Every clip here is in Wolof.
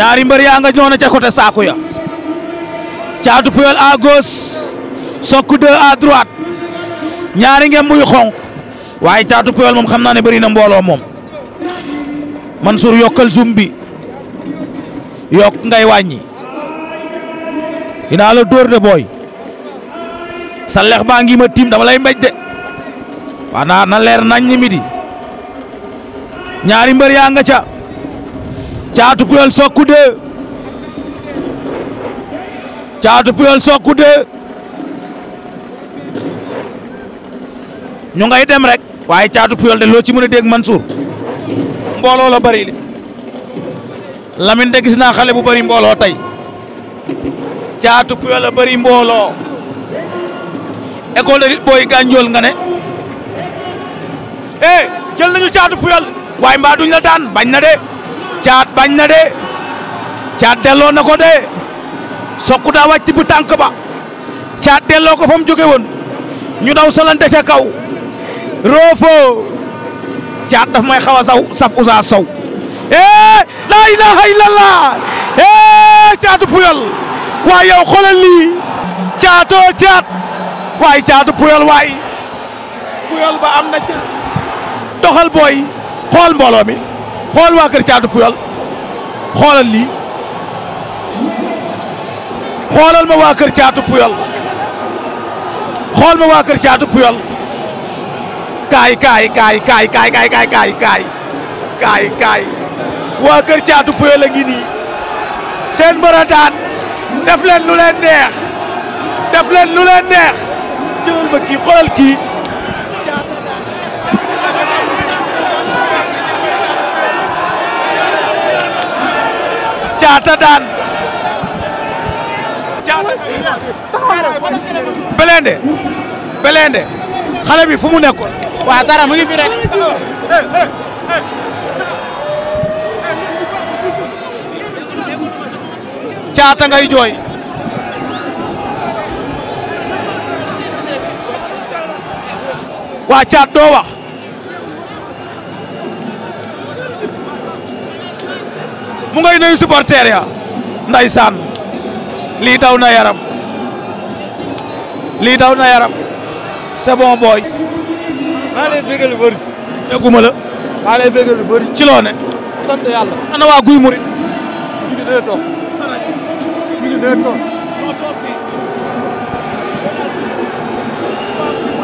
ñaari mbër yaa nga noona ca côté saaku ya caatu puyol à gauche sokku deux à droite ñaari ngem muy xonq waaye caatu puyol moom xam naa ne bëri na mbooloo moom Mansour yokkal zoom bi yokk ngay wàññi dinaa la dóor de booy sa lex baa ngi ma tiim dama lay mbéj de waa naa na leer nàññi ñi midi ñaari mbër yaa nga ca caatu Puyol Sokku de caatu Puyol Sokku de ñu ngay dem rek waaye caatu Puyol de loo ci mën a dégg Mansour mbooloo la bari li Lamine de gis naa xale bu bari mbooloo tey caatu Puyol la bari mbooloo école de lutte booy gànjool nga ne eh jël nañu caatu Puyol waaye mbaa duñ la daan bañ na de. caat bañ na de caat delloo na ko de sokku daa wàcc bu tànk ba caat delloo ko fa mu jóge woon ñu daw solante ca kaw roofoo caat daf may xaw a saw saf usa saw ee eh, laa ilaaha illallah ee eh, caatu puyol waay yow xoolal caatoo caat waay caatu puyol waay puyol ba am na ca doxal booy xool mbooloo mi xool waa kër Caatu Puyol xoolal lii xoolal ma waa kër Caatu Puyol xool ma waa kër Caatu Puyol kay kaay kaay kaay kay kay kaay kaay kaay kaay kaay waa kër Caatu Puyol a ngi nii seen mbër a daan def lu leen neex def leen lu leen neex jëlal ma kii xoolal kii caata daan caata Blindé Blindé xale bi fu mu nekkoon waaw dara mu ngi fi rek caata ngay jooy waa caat doo wax mu ngay nuyu supporter ya ndeysaan lii daw na yaram lii daw na yaram c'est bon boy. maa lay bëggal lu la. bëri. ci loo ne. ana waa Guy Murit. ñu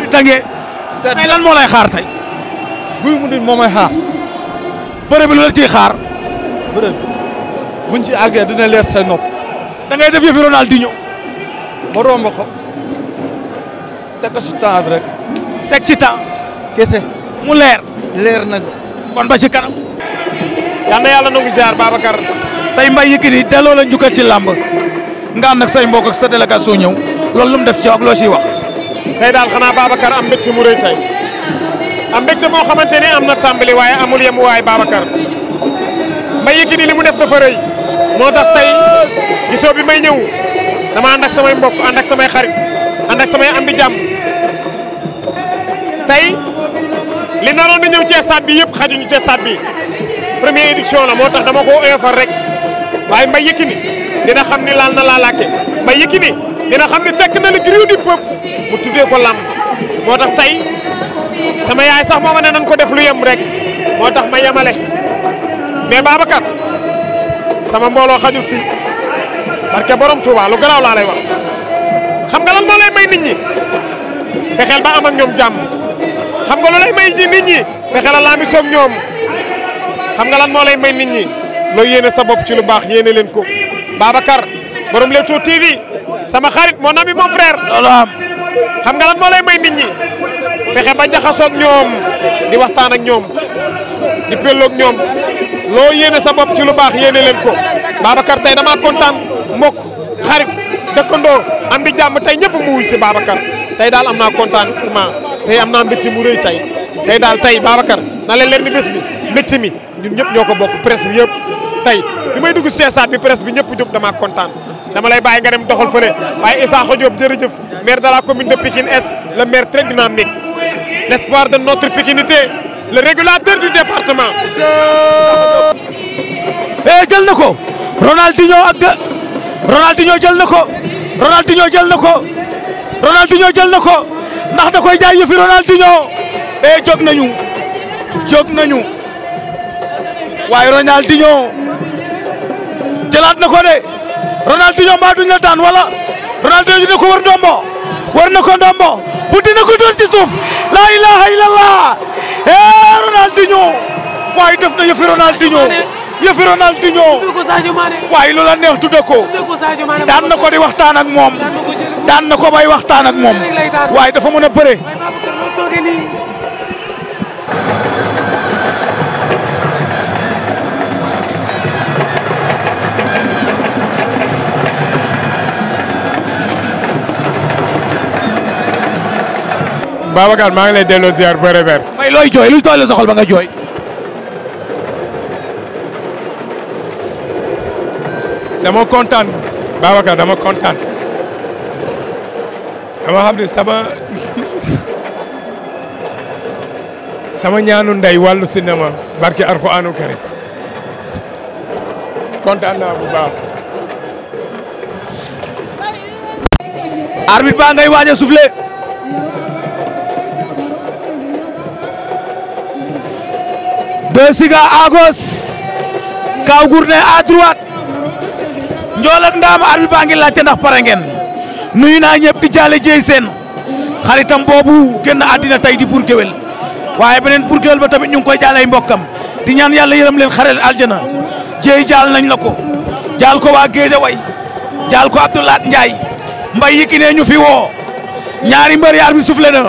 ngi dee moo lay xaar tey. Guy Murit moo may xaar. bëre lu la ciy xaar. buñ ci àggee dina leer say nopp. da ngay def yëfi Ronaldinho. ma romb ko. teg ko si temps rek. teg ci temps. kese. mu leer. leer nag. kon ba ci kanam. yal na yàlla nangu ziar Babacar. tey Mbaye Yékini delloo la njukkal ci làmb nga ànd ak say mbokk ak sa soo ñëw loolu lu mu def ci ak loo ciy wax. tey daal xanaa Babacar am mbégte mu rëy tey am mbégte moo xamante ne am na tàmbali waaye amul yem waaye Babacar Mbaye Yékini li mu def dafa rëy. moo tax tey gisoo bi may ñëw dama ànd samay mbokk ànd ak samay xarit ànd ak samay am di li naroon na ñëw ci stade bi yëpp xajuñu ci stade bi première édition la moo tax dama ko oyofal rek waaye Mbaye Yékini dina xam ni laal na laalaake Mbaye Yékini dina xam ni fekk na le griot du peuple mu tuddee ko làmb moo tax tey sama yaay sax moo ma ne nan ko def lu yem rek moo tax ma yemale mais Babacar sama mbooloo xajul fii barke borom Touba lu garaaw laa lay wax xam nga lan moo lay may nit fexeel ba am ak ñoom jàmm xam nga lu lay may nit ñi fexeel a ñoom xam nga lan moo lay may nit ñi looy yéene sa bopp ci lu baax yéene leen ko Babacar borom Leewtoo TV sama xarit mon ami mon frère loolu am xam nga lan moo lay may nit ñi fexe ba jaxasoog ñoom di waxtaan ñoom di pelloog ñoom loo yéene sa bopp ci lu baax yéene leen ko Babacar tey damaa kontaan mbokk xarit dëkkandoo am di jàmm tey ñëpp mu wuy si Babacar tey daal am naa contentement tey am naa mbégte mu rëy tey tey daal tey Babacar na leen leen ni bés bi mbégte ñëpp ñoo ko bokk presse bi yëpp tey bi may dugg si bi presse bi ñëpp jóg damaa kontaan dama lay bàyyi nga dem doxal fële waaye Issakha Diop jërëjëf maire de la commune de Pikine Est le maire très dynamique l'espoir de le régulateur du département. eh jël na ko Ronaldinho ak Ronaldinho jël na ko Ronaldinho jël na ko Ronaldinho jël na ko ndax da koy jaay yëfi Ronaldinho eh jóg nañu jóg nañu waaye Ronaldinho jëlaat na ko de Ronaldinho mbaa duñ la daan wala Ronaldinho dina ko wër ndombo. war na ko ndombo buddi na ko dóor ci suuf la ilaha illallah eh Ronaldinho waaye def na yëfi Ronaldinho yëfi Ronaldinho waaye lu la neex tudde ko daan na ko di waxtaan ak moom daan na ko bay waxtaan ak moom waaye dafa mën a bëre Babacar maa ngi lay delloo ziar bu rëbër. may looy jooy lu tooy la soxal ba nga jooy. dama kontaan Babacar dama kontaan dama xam ne sama sama ñaanu ndey wàllu cinéma barke Alxuraanu Karim kontaan naa bu baax. arbitre baa ngay waaj a soufflé. Deux Siga à gauche Kaw Gourdin Ndaam arbitre baa ngi laajte ndax pare ngeen nuyu naa ñëpp di jaale jéey seen xaritam boobu génn àddina tey di burgewel waaye beneen burgewel ba tamit ñu ngi koy jaale ay mbokkam di ñaan yàlla yërëm leen xareel aljana jéey jaal nañ la ko jaal ko waa Géeja way jaal ko Abdoulaat Ndiaye mbay yi ne ñu fi woo ñaari mbër yi arbitre soufflé na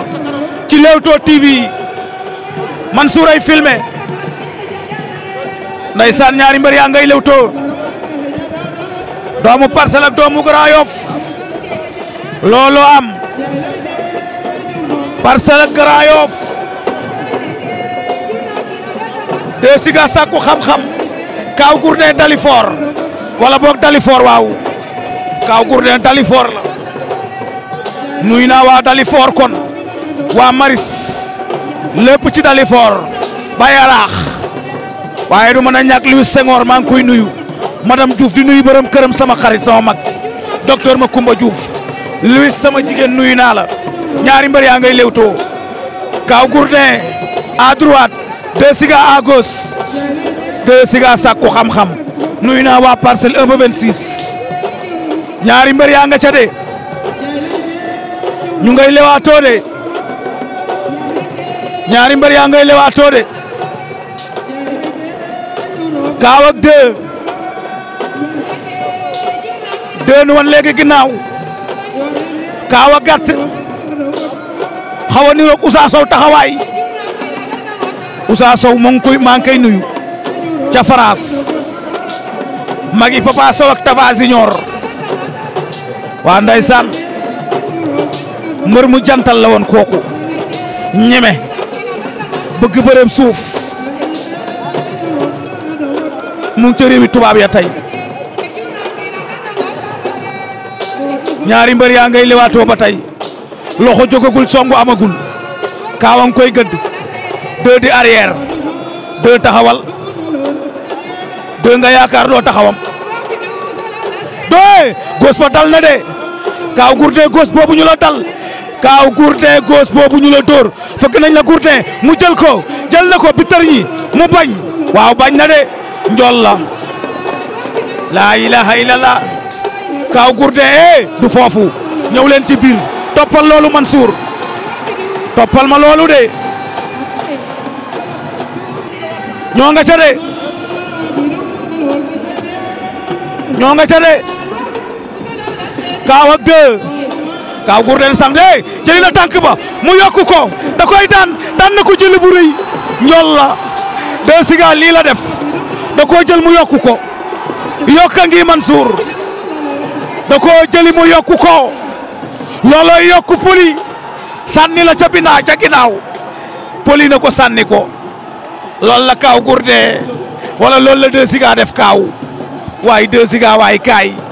ci Leewtoo TV Mansour ay filmé. ndeysaan ñaari mbër yaa ngay lewtoo doomu Parcelles doomu Grand looloo am Parcelles ak Grand Yoff de sàkku xam-xam Kaaw Gourdin Dalifort wala boog Dalifort waaw Kaaw Gourdin Dalifort la nuy naa waa Dalifort kon waa Maris lépp ci Dalifort ba Yaraax waaye du mën a ñàkk Louis Senghor maa ngi koy nuyu madame Diouf di nuyu bërëm këram sama xarit sama mag docteur Macoumba Diouf Louis sama jigéen nuyu naa la ñaari mbër yaa ngay lewtoo Kaw Gourdin à droite deux siga à xam-xam nuyu naa waa parcelle 1 ba ñaari mbër yaa nga ca de ñu ngay lewaatoo de ñaari mbër yaa ngay lewaatoo de Kaaw ak deux nu wan léegi ginnaaw Kaaw a gàtt xaw a niroog Oussa Sow taxawaay Oussa Sow mu ngi koy ngi koy nuyu ca France magi Papa Sow ak Tafa Junior waa mbër mu jantal la woon kooku ñeme bëgg bërëm suuf mu ngi ca tubaab ya tey ñaari mbër yaa ngay lewaatoo ba tey loxo jógagul somb amagul kaawang koy gëdd deux di arrière deux taxawal deux nga yaakaar doo taxawam deux gos ba dal na de kaaw gourte gos boobu ñu la dal kaaw gourte gos boobu ñu la dóor fëgg nañ la gourte mu jël ko jël na ko bi mu bañ waaw bañ na de njool la laa ilaha illallah kaaw gurde e du foofu ñëw leen ci biir toppal loolu Mansour toppal ma loolu de ñoo nga ca de ñoo nga ca de kaaw ak deux kaaw sang de jëli na tànk ba mu yokku ko da koy daan na ko jëli bu rëy njool siga lii la def da koo jël mu yokku ko yokka ngi Mansour da koo jëli mu yokku ko loolooy yokku poli sànni la ca binaa ca ginnaaw poli na ko sànni ko loolu la kaaw gurdee walla loolu la deux siga def kaaw waaye deux siga waay kaay